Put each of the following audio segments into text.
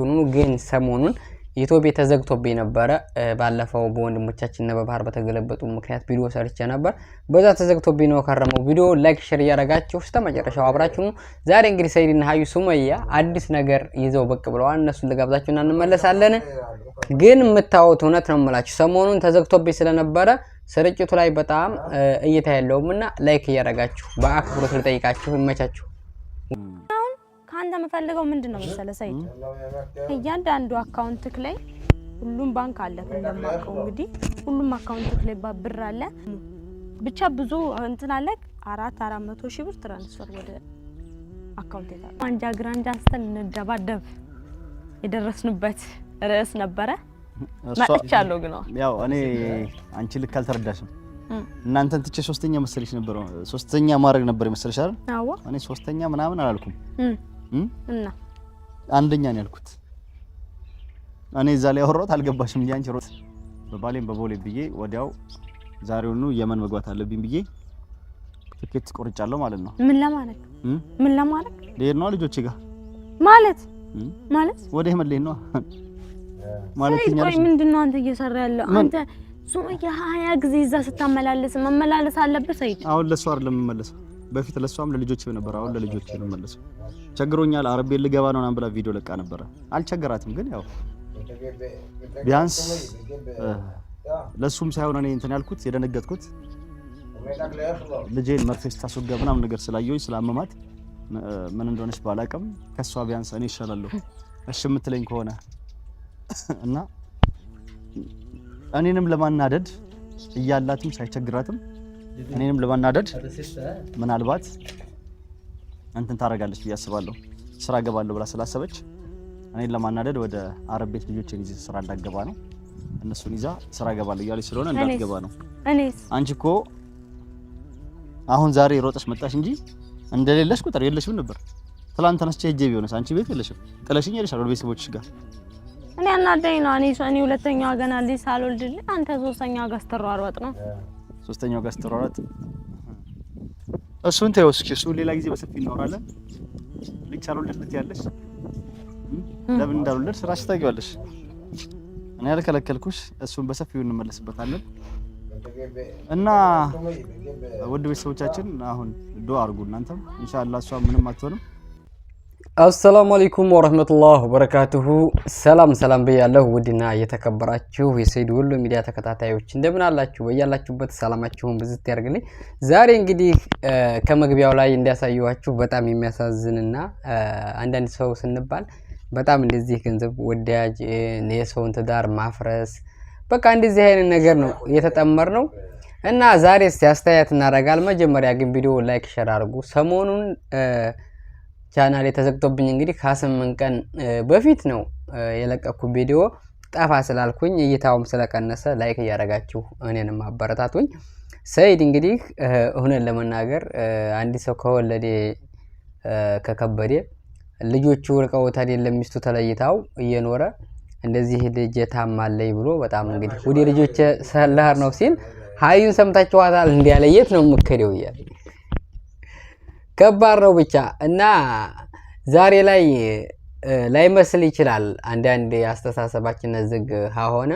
ብኑኑ ግን ሰሞኑን ዩቲዩብ ተዘግቶብኝ ነበረ። ባለፈው በወንድሞቻችን እና በባህር በተገለበጡ ምክንያት ቪዲዮ ሰርቼ ነበር። በዛ ተዘግቶብኝ ነው ከረመው። ቪዲዮ ላይክ፣ ሼር እያደረጋችሁ እስከ መጨረሻው አብራችሁ ዛሬ እንግዲህ ሰይድና ሀዩ ሱመያ አዲስ ነገር ይዘው ብቅ ብለዋል። እነሱን ልጋብዛችሁና እንመለሳለን። ግን የምታወት እውነት ነው የምላችሁ። ሰሞኑን ተዘግቶብኝ ስለነበረ ስርጭቱ ላይ በጣም እይታ የለውም እና ላይክ እያደረጋችሁ በአክብሮት ልጠይቃችሁ። ይመቻችሁ። ከአንተ የምፈልገው ምንድን ነው መሰለህ ሰይድ፣ እያንዳንዱ አካውንትክ ላይ ሁሉም ባንክ አለ እንደማውቀው እንግዲህ ሁሉም አካውንትክ ላይ ብር አለ። ብቻ ብዙ እንትን አለ። አራት አራት መቶ ሺህ ብር ትራንስፈር ወደ አካውንት የታለ። አንጃ ግራንጃ አንስተን እንደባደብ የደረስንበት ርዕስ ነበረ። መጥቻለሁ ግን ያው እኔ አንቺ ልክ አልተረዳሽም። እናንተን ትቼ ሶስተኛ መሰለሽ ነበር ሶስተኛ ማድረግ ነበር የመሰለሽ አይደል? አዎ እኔ ሶስተኛ ምናምን አላልኩም እና አንደኛ ነው ያልኩት። እኔ እዛ ላይ ያወራሁት አልገባሽም። ያንቺ ሮት በባሌም በቦሌ ብዬ ወዲያው ዛሬውኑ የመን መግባት አለብኝ ብዬ ትኬት ቆርጫለሁ ማለት ነው። ምን ምን ልሄድ ነው ልጆቼ ጋር ማለት ማለት ወደ የመን ልሄድ ነው ማለት ነው። ምንድን ነው አንተ እየሰራ ያለው አንተ ሱመያ ሀያ ጊዜ እዛ ስታመላለስ መመላለስ አለብህ ሰይድ። አሁን ለእሷ አይደለም የምመለሰው። በፊት ለእሷም ለልጆቼ ነበር። አሁን ለልጆቼ ነው የምመለሰው። ቸግሮኛል አረቤ ልገባ ነው ምናምን ብላ ቪዲዮ ለቃ ነበረ። አልቸገራትም፣ ግን ያው ቢያንስ ለሱም ሳይሆን እኔ እንትን ያልኩት የደነገጥኩት ልጄን መርፌ ስታስወጋ ምናምን ነገር ስላየኝ ስላመማት ምን እንደሆነች ባላቅም ከሷ ቢያንስ እኔ ይሻላለሁ እሺ የምትለኝ ከሆነ እና እኔንም ለማናደድ እያላትም ሳይቸግራትም እኔንም ለማናደድ ምናልባት እንትን ታደርጋለች ብዬ አስባለሁ። ስራ ገባለሁ ብላ ስላሰበች እኔን ለማናደድ ወደ አረብ ቤት ልጆች የጊዜ ስራ እንዳትገባ ነው እነሱን ይዛ ስራ ገባለሁ እያለች ስለሆነ እንዳትገባ ነው። አንቺ እኮ አሁን ዛሬ ሮጠሽ መጣሽ እንጂ እንደሌለሽ ቁጥር የለሽም ነበር። ትላንት ተነስቼ ሄጄ ቢሆንስ አንቺ ቤት የለሽም፣ ጥለሽኝ ሄደሻል ወደ ቤተሰቦችሽ ጋር። እኔ አናደኝ ነው። እኔ ሁለተኛዋ ገና ልጅ ሳልወልድልኝ አንተ ሶስተኛዋ ጋር ስትሯሯጥ ነው። ሶስተኛዋ ጋር ስትሯሯጥ እሱን ተይው እስኪ፣ እሱ ሌላ ጊዜ በሰፊ እናወራለን። ልጅ ሳልወለድ ያለሽ ለምን እንዳልወለድ ስራሽ ታውቂዋለሽ። እኔ ያልከለከልኩሽ፣ እሱን በሰፊው እንመለስበታለን። እና ውድ ቤተሰቦቻችን አሁን ዱአ አድርጉ እናንተም ኢንሻአላህ። እሷ ምንም አትሆንም አሰላሙ አለይኩም ወረህመቱላህ ወበረካቱሁ። ሰላም ሰላም ብያለሁ። ውድና እየተከበራችሁ የሰይድ ወሎ ሚዲያ ተከታታዮች እንደምን አላችሁ? በያላችሁበት ሰላማችሁን ብዝት ያደርግልኝ። ዛሬ እንግዲህ ከመግቢያው ላይ እንዳሳየኋችሁ በጣም የሚያሳዝንና አንዳንድ ሰው ስንባል በጣም እንደዚህ ገንዘብ ወዳጅ የሰውን ትዳር ማፍረስ በቃ እንደዚህ አይነት ነገር ነው የተጠመር ነው እና ዛሬ አስተያየት እናደርጋል። መጀመሪያ ግን ቪዲዮ ላይክ ሸር አድርጉ። ሰሞኑን ቻናል የተዘግቶብኝ እንግዲህ ከስምንት ቀን በፊት ነው የለቀኩ ቪዲዮ ጠፋ ስላልኩኝ እይታውም ስለቀነሰ ላይክ እያደረጋችሁ እኔንም አበረታቱኝ። ሰይድ እንግዲህ እውነን ለመናገር አንድ ሰው ከወለዴ ከከበዴ ልጆቹ ርቀውት አይደለም ሚስቱ ተለይታው እየኖረ እንደዚህ ልጅ ታማለይ ብሎ በጣም እንግዲህ ወደ ልጆች ሰላር ነው ሲል ሀዩን ሰምታችኋታል። እንዲያለየት ነው ምክደው እያለ ከባድ ነው ብቻ እና ዛሬ ላይ ላይመስል ይችላል አንዳንድ አስተሳሰባችን ዝግ ሆነ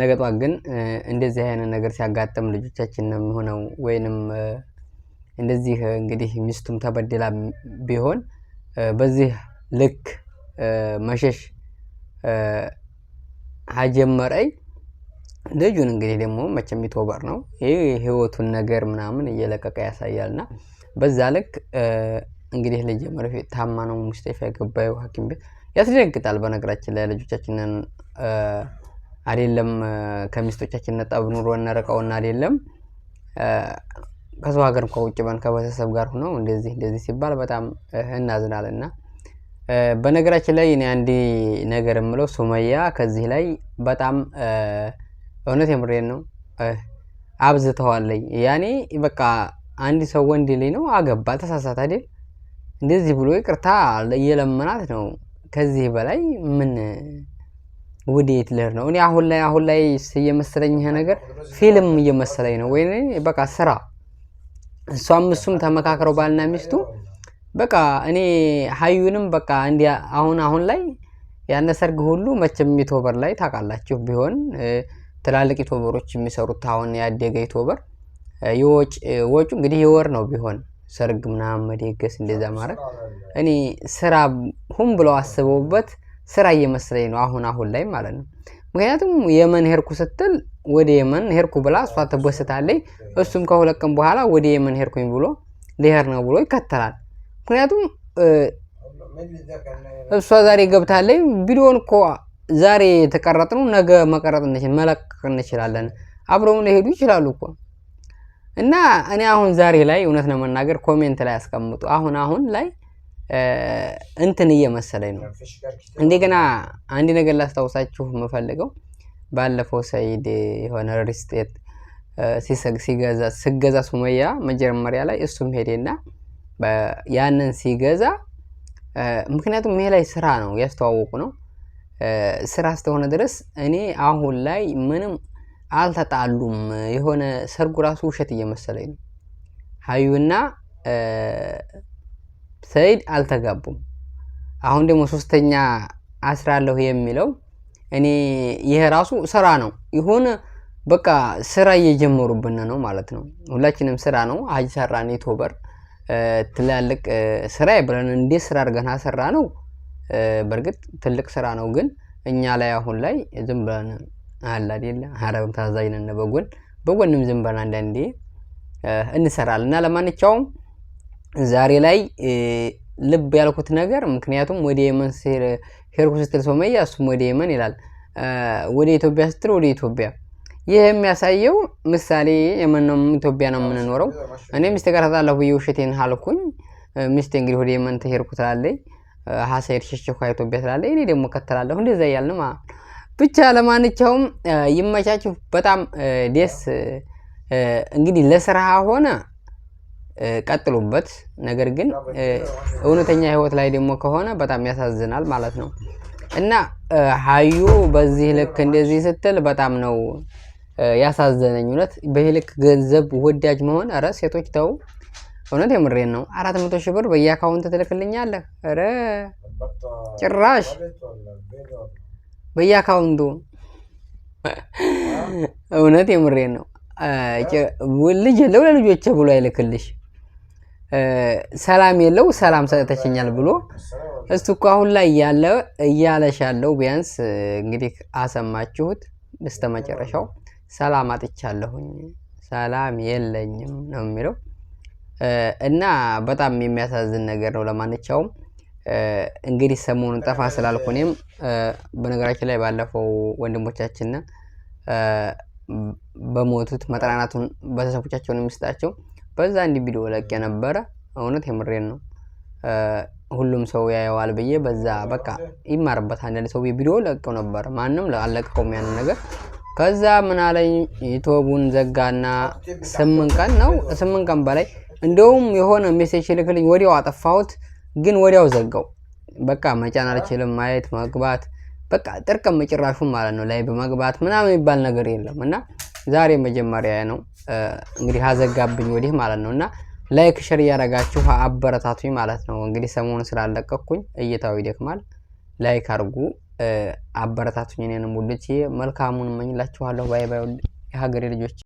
ነገ ግን እንደዚህ አይነት ነገር ሲያጋጥም ልጆቻችን ነው የሚሆነው ወይንም እንደዚህ እንግዲህ ሚስቱም ተበድላ ቢሆን በዚህ ልክ መሸሽ አጀመረኝ። ልጁን እንግዲህ ደግሞ መቼም ዩቱበር ነው ይህ ህይወቱን ነገር ምናምን እየለቀቀ ያሳያል። እና በዛ ልክ እንግዲህ ልጅ መርፌ ታማ ነው ሙስጤፋ የገባዩ ሐኪም ቤት ያስደነግጣል። በነገራችን ላይ ልጆቻችንን አይደለም ከሚስቶቻችን ነጣ ብኑሮ እናረቀውና አይደለም ከሰው ሀገር ከውጭ በን ከቤተሰብ ጋር ሆነው እንደዚህ እንደዚህ ሲባል በጣም እናዝናል። እና በነገራችን ላይ እኔ አንድ ነገር የምለው ሱመያ ከዚህ ላይ በጣም እውነት የምሬን ነው። አብዝተዋለኝ ያኔ በቃ አንድ ሰው ወንድ ላይ ነው አገባ ተሳሳት አይደል? እንደዚህ ብሎ ይቅርታ እየለመናት ነው። ከዚህ በላይ ምን ውዴት ልህር ነው? እኔ አሁን ላይ አሁን ላይ እየመሰለኝ ይሄ ነገር ፊልም እየመሰለኝ ነው። ወይ በቃ ስራ እሷም እሱም ተመካክረው ባልና ሚስቱ በቃ እኔ ሀዩንም በቃ እንዲ አሁን አሁን ላይ ያነ ሰርግ ሁሉ መቼም ሚቶበር ላይ ታውቃላችሁ ቢሆን ትላልቅ ዩቱበሮች የሚሰሩት አሁን ያደገ ዩቱበር የወጭ እንግዲህ የወር ነው ቢሆን ሰርግ ምናምን መደገስ እንደዛ ማድረግ እኔ ስራ ሁም ብለው አስበውበት ስራ እየመሰለኝ ነው አሁን አሁን ላይ ማለት ነው። ምክንያቱም የመን ሄርኩ ስትል ወደ የመን ሄርኩ ብላ እሷ ተበስታለኝ እሱም ከሁለት ቀን በኋላ ወደ የመን ሄርኩኝ ብሎ ሊሄር ነው ብሎ ይከተላል። ምክንያቱም እሷ ዛሬ ገብታለኝ ቪዲዮን እኮ ዛሬ የተቀረጥነው ነገ መቀረጥ እንችላለን፣ መለቀቅ እንችላለን። አብረውን ሊሄዱ ይችላሉ እኮ እና እኔ አሁን ዛሬ ላይ እውነት ነው መናገር ኮሜንት ላይ አስቀምጡ። አሁን አሁን ላይ እንትን እየመሰለኝ ነው። እንደገና አንድ ነገር ላስታውሳችሁ የምፈልገው ባለፈው ሰይድ የሆነ ሪስቴት ሲገዛ ስገዛ ሱመያ መጀመሪያ ላይ እሱም ሄደና ያንን ሲገዛ ምክንያቱም ይሄ ላይ ስራ ነው ያስተዋወቁ ነው ስራ ስተሆነ ድረስ እኔ አሁን ላይ ምንም አልተጣሉም። የሆነ ሰርጉ ራሱ ውሸት እየመሰለኝ ነው። ሀዩና ሰይድ አልተጋቡም። አሁን ደግሞ ሶስተኛ አስራለሁ የሚለው እኔ ይሄ ራሱ ስራ ነው። የሆነ በቃ ስራ እየጀመሩብን ነው ማለት ነው። ሁላችንም ስራ ነው። ሀጂ ሰራን ዩቱበር ትላልቅ ስራ ብለን እንዴት ስራ አድርገን አሰራ ነው በእርግጥ ትልቅ ስራ ነው፣ ግን እኛ ላይ አሁን ላይ ዝም ብለን አለ አይደለ ሀረብ ታዛዥ ነን። በጎን በጎንም ዝም ብለን አንዳንዴ እንሰራል እና ለማንኛውም ዛሬ ላይ ልብ ያልኩት ነገር ምክንያቱም ወደ የመን ሄድኩ ስትል ሶመያ እሱም ወደ የመን ይላል፣ ወደ ኢትዮጵያ ስትል ወደ ኢትዮጵያ። ይህ የሚያሳየው ምሳሌ የመን ነው፣ ኢትዮጵያ ነው የምንኖረው። እኔ ሚስቴ ጋር ታጣለሁ ብዬ ውሸቴን አልኩኝ። ሚስቴ እንግዲህ ወደ የመን ተሄርኩ ትላለች ሀሳይድ ሸሸኩ አይቶብያ ስላለ እኔ ደግሞ ከተላለሁ እንደዛ እያልን ብቻ ለማንኛውም ይመቻችሁ። በጣም ደስ እንግዲህ ለስራ ሆነ ቀጥሉበት። ነገር ግን እውነተኛ ህይወት ላይ ደግሞ ከሆነ በጣም ያሳዝናል ማለት ነው እና ሀዩ በዚህ ልክ እንደዚህ ስትል በጣም ነው ያሳዘነኝ። እውነት በዚህ ልክ ገንዘብ ወዳጅ መሆን፣ ኧረ ሴቶች ተው። እውነት የምሬን ነው። አራት መቶ ሺህ ብር በየአካውንት ትልክልኛለህ? ኧረ ጭራሽ በየአካውንቱ እውነት የምሬን ነው። ልጅ የለው ለልጆቼ ብሎ አይልክልሽ። ሰላም የለው ሰላም ሰጥተችኛል ብሎ እሱ እኮ አሁን ላይ እያለሽ ያለው ቢያንስ እንግዲህ አሰማችሁት። በስተመጨረሻው ሰላም አጥቻለሁኝ ሰላም የለኝም ነው የሚለው እና በጣም የሚያሳዝን ነገር ነው። ለማንኛውም እንግዲህ ሰሞኑን ጠፋ ስላልኩ እኔም በነገራችን ላይ ባለፈው ወንድሞቻችን በሞቱት መጠናናቱን ቤተሰቦቻቸውን የሚሰጣቸው በዛ እንዲ ቪዲዮ ለቅ የነበረ እውነት የምሬን ነው። ሁሉም ሰው ያየዋል ብዬ በዛ በቃ ይማርበት አንዳንድ ሰው ቪዲዮ ለቀው ነበር። ማንም አለቀቀውም ያን ነገር። ከዛ ምናለኝ ዩቱቡን ዘጋና ስምንት ቀን ነው ስምንት ቀን በላይ እንደውም የሆነ ሜሴጅ ልክልኝ ወዲያው አጠፋሁት፣ ግን ወዲያው ዘጋው። በቃ መጫን አልችልም። ማየት መግባት በቃ ጥርቅም ጭራሹን ማለት ነው። ላይ በመግባት ምናምን የሚባል ነገር የለም እና ዛሬ መጀመሪያ ነው እንግዲህ አዘጋብኝ ወዲህ ማለት ነው እና ላይክ ሸር እያደረጋችሁ አበረታቱኝ ማለት ነው። እንግዲህ ሰሞኑ ስላለቀኩኝ እይታው ይደክማል። ላይክ አርጉ፣ አበረታቱኝ። እኔንም ውዶቼ መልካሙን እመኝላችኋለሁ። ባይ ባይ የሀገሬ ልጆች።